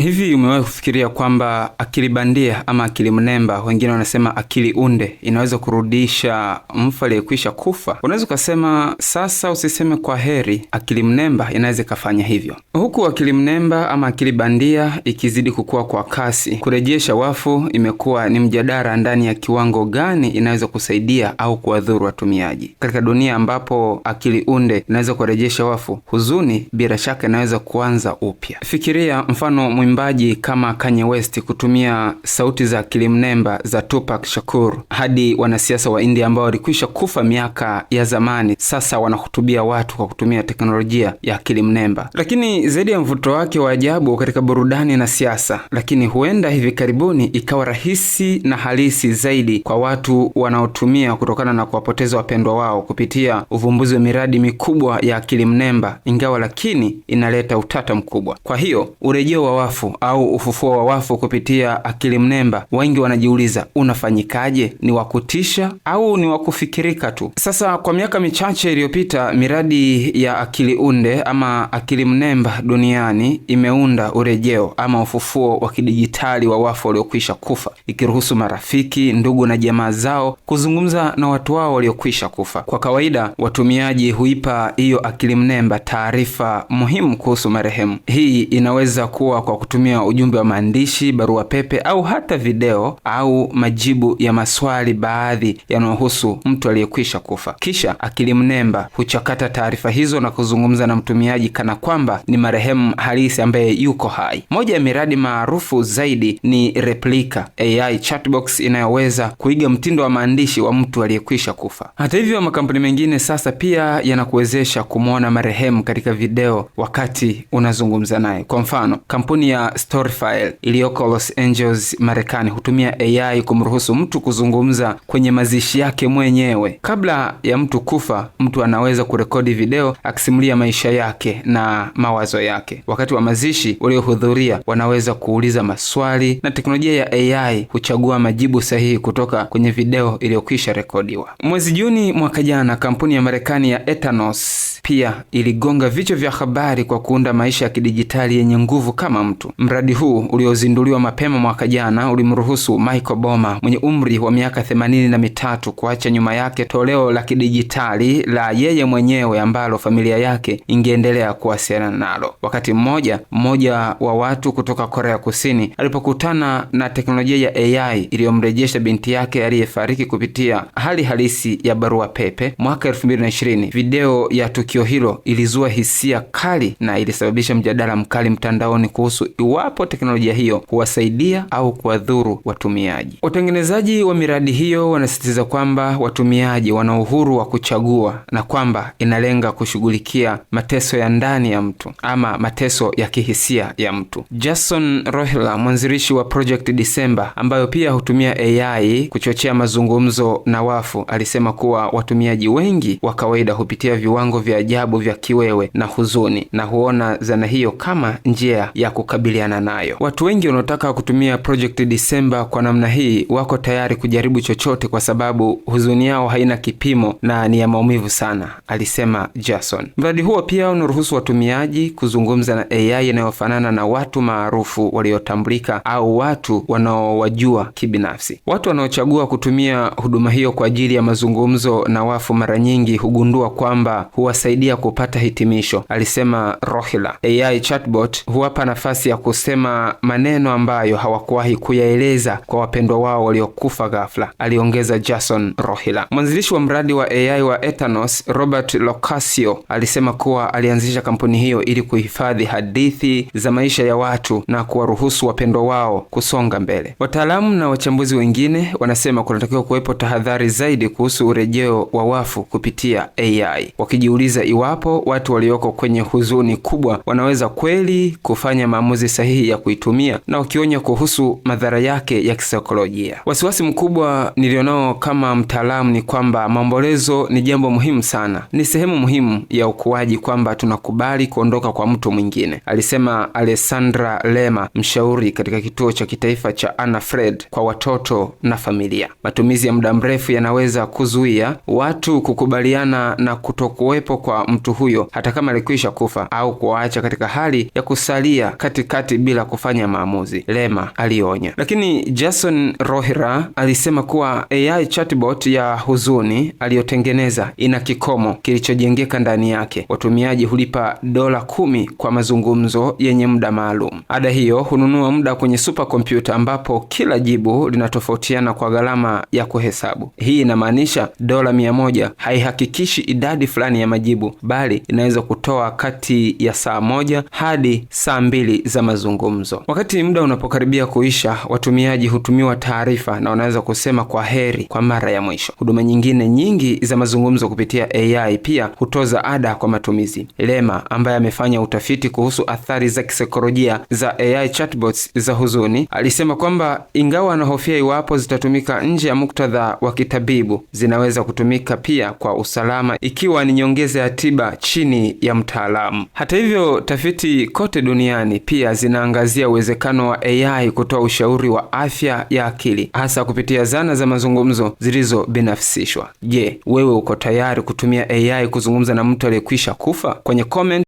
Hivi umewahi kufikiria kwamba akili bandia ama akili mnemba, wengine wanasema akili unde, inaweza kurudisha mfu aliyekwisha kufa? Unaweza ukasema sasa usiseme kwa heri, akili mnemba inaweza ikafanya hivyo. Huku akili mnemba ama akili bandia ikizidi kukua kwa kasi, kurejesha wafu imekuwa ni mjadala ndani ya kiwango gani inaweza kusaidia au kuwadhuru watumiaji. Katika dunia ambapo akili unde inaweza kuwarejesha wafu, huzuni bila shaka inaweza kuanza upya. Fikiria mfano mwimbaji kama Kanye West kutumia sauti za kilimnemba za Tupac Shakur hadi wanasiasa wa India ambao walikwisha kufa miaka ya zamani, sasa wanahutubia watu kwa kutumia teknolojia ya akili mnemba. Lakini zaidi ya mvuto wake wa ajabu katika burudani na siasa, lakini huenda hivi karibuni ikawa rahisi na halisi zaidi kwa watu wanaotumia kutokana na kuwapoteza wapendwa wao kupitia uvumbuzi wa miradi mikubwa ya kilimnemba, ingawa lakini inaleta utata mkubwa. Kwa hiyo urejeo wa wafu wafu au ufufuo wa wafu kupitia akili mnemba, wengi wanajiuliza unafanyikaje? Ni wa kutisha au ni wa kufikirika tu? Sasa kwa miaka michache iliyopita, miradi ya akili unde ama akili mnemba duniani imeunda urejeo ama ufufuo wa kidijitali wa wafu waliokwisha kufa, ikiruhusu marafiki, ndugu na jamaa zao kuzungumza na watu wao waliokwisha kufa. Kwa kawaida watumiaji huipa hiyo akili mnemba taarifa muhimu kuhusu marehemu. Hii inaweza kuwa kwa kutumia ujumbe wa maandishi, barua pepe au hata video au majibu ya maswali baadhi yanayohusu mtu aliyekwisha kufa. Kisha akili mnemba huchakata taarifa hizo na kuzungumza na mtumiaji kana kwamba ni marehemu halisi ambaye yuko hai. Moja ya miradi maarufu zaidi ni Replica AI chatbox inayoweza kuiga mtindo wa maandishi wa mtu aliyekwisha kufa. Hata hivyo, makampuni mengine sasa pia yanakuwezesha kumwona marehemu katika video wakati unazungumza naye. Kwa mfano, kampuni ya ya Storyfile iliyoko Los Angeles, Marekani hutumia AI kumruhusu mtu kuzungumza kwenye mazishi yake mwenyewe. Kabla ya mtu kufa, mtu anaweza kurekodi video akisimulia maisha yake na mawazo yake. Wakati wa mazishi, waliohudhuria wanaweza kuuliza maswali na teknolojia ya AI huchagua majibu sahihi kutoka kwenye video iliyokwisha rekodiwa. Mwezi Juni mwaka jana, kampuni ya Marekani ya Etanos pia iligonga vichwa vya habari kwa kuunda maisha ya kidijitali yenye nguvu kama mtu tatu. Mradi huu uliozinduliwa mapema mwaka jana ulimruhusu Michael Boma mwenye umri wa miaka themanini na mitatu kuacha nyuma yake toleo la kidijitali la yeye mwenyewe ambalo familia yake ingeendelea kuwasiliana nalo. Wakati mmoja mmoja wa watu kutoka Korea Kusini alipokutana na teknolojia ya AI iliyomrejesha binti yake aliyefariki kupitia hali halisi ya barua pepe mwaka 2020. Video ya tukio hilo ilizua hisia kali na ilisababisha mjadala mkali mtandaoni kuhusu iwapo teknolojia hiyo huwasaidia au kuwadhuru watumiaji. Watengenezaji wa miradi hiyo wanasisitiza kwamba watumiaji wana uhuru wa kuchagua na kwamba inalenga kushughulikia mateso ya ndani ya mtu ama mateso ya kihisia ya mtu. Jason Rohler, mwanzilishi wa Project December, ambayo pia hutumia AI kuchochea mazungumzo na wafu, alisema kuwa watumiaji wengi wa kawaida hupitia viwango vya ajabu vya kiwewe na huzuni na huona zana hiyo kama njia ya kuka kukabiliana nayo. Watu wengi wanaotaka kutumia Project Disemba kwa namna hii wako tayari kujaribu chochote, kwa sababu huzuni yao haina kipimo na ni ya maumivu sana, alisema Jason. Mradi huo pia unaruhusu watumiaji kuzungumza na AI inayofanana na watu maarufu waliotambulika au watu wanaowajua kibinafsi. Watu wanaochagua kutumia huduma hiyo kwa ajili ya mazungumzo na wafu mara nyingi hugundua kwamba huwasaidia kupata hitimisho, alisema Rohila. AI chatbot huwapa nafasi ya kusema maneno ambayo hawakuwahi kuyaeleza kwa wapendwa wao waliokufa ghafla, aliongeza Jason Rohila. Mwanzilishi wa mradi wa AI wa Etanos, Robert Locasio, alisema kuwa alianzisha kampuni hiyo ili kuhifadhi hadithi za maisha ya watu na kuwaruhusu wapendwa wao kusonga mbele. Wataalamu na wachambuzi wengine wanasema kunatakiwa kuwepo tahadhari zaidi kuhusu urejeo wa wafu kupitia AI, wakijiuliza iwapo watu walioko kwenye huzuni kubwa wanaweza kweli kufanya maamuzi maamuzi sahihi ya kuitumia na wakionya kuhusu madhara yake ya kisaikolojia. Wasiwasi mkubwa nilionao kama mtaalamu ni kwamba maombolezo ni jambo muhimu sana, ni sehemu muhimu ya ukuaji, kwamba tunakubali kuondoka kwa mtu mwingine, alisema Alessandra Lema, mshauri katika kituo cha kitaifa cha Anna Fred kwa watoto na familia. Matumizi ya muda mrefu yanaweza kuzuia watu kukubaliana na kutokuwepo kwa mtu huyo hata kama alikwisha kufa au kuwaacha katika hali ya kusalia katika katikati bila kufanya maamuzi, Lema alionya. Lakini Jason Rohira alisema kuwa AI chatbot ya huzuni aliyotengeneza ina kikomo kilichojengeka ndani yake. Watumiaji hulipa dola kumi kwa mazungumzo yenye muda maalum. Ada hiyo hununua muda kwenye superkompyuta ambapo kila jibu linatofautiana kwa gharama ya kuhesabu. Hii inamaanisha dola mia moja haihakikishi idadi fulani ya majibu, bali inaweza kutoa kati ya saa moja hadi saa mbili za za mazungumzo. Wakati muda unapokaribia kuisha, watumiaji hutumiwa taarifa na wanaweza kusema kwa heri kwa mara ya mwisho. Huduma nyingine nyingi za mazungumzo kupitia AI pia hutoza ada kwa matumizi. Lema ambaye amefanya utafiti kuhusu athari za kisaikolojia za AI chatbots za huzuni alisema kwamba ingawa anahofia iwapo zitatumika nje ya muktadha wa kitabibu, zinaweza kutumika pia kwa usalama ikiwa ni nyongeza ya tiba chini ya mtaalamu. Hata hivyo, tafiti kote duniani pia pia zinaangazia uwezekano wa AI kutoa ushauri wa afya ya akili hasa kupitia zana za mazungumzo zilizobinafsishwa. Je, wewe uko tayari kutumia AI kuzungumza na mtu aliyekwisha kufa? Kwenye comment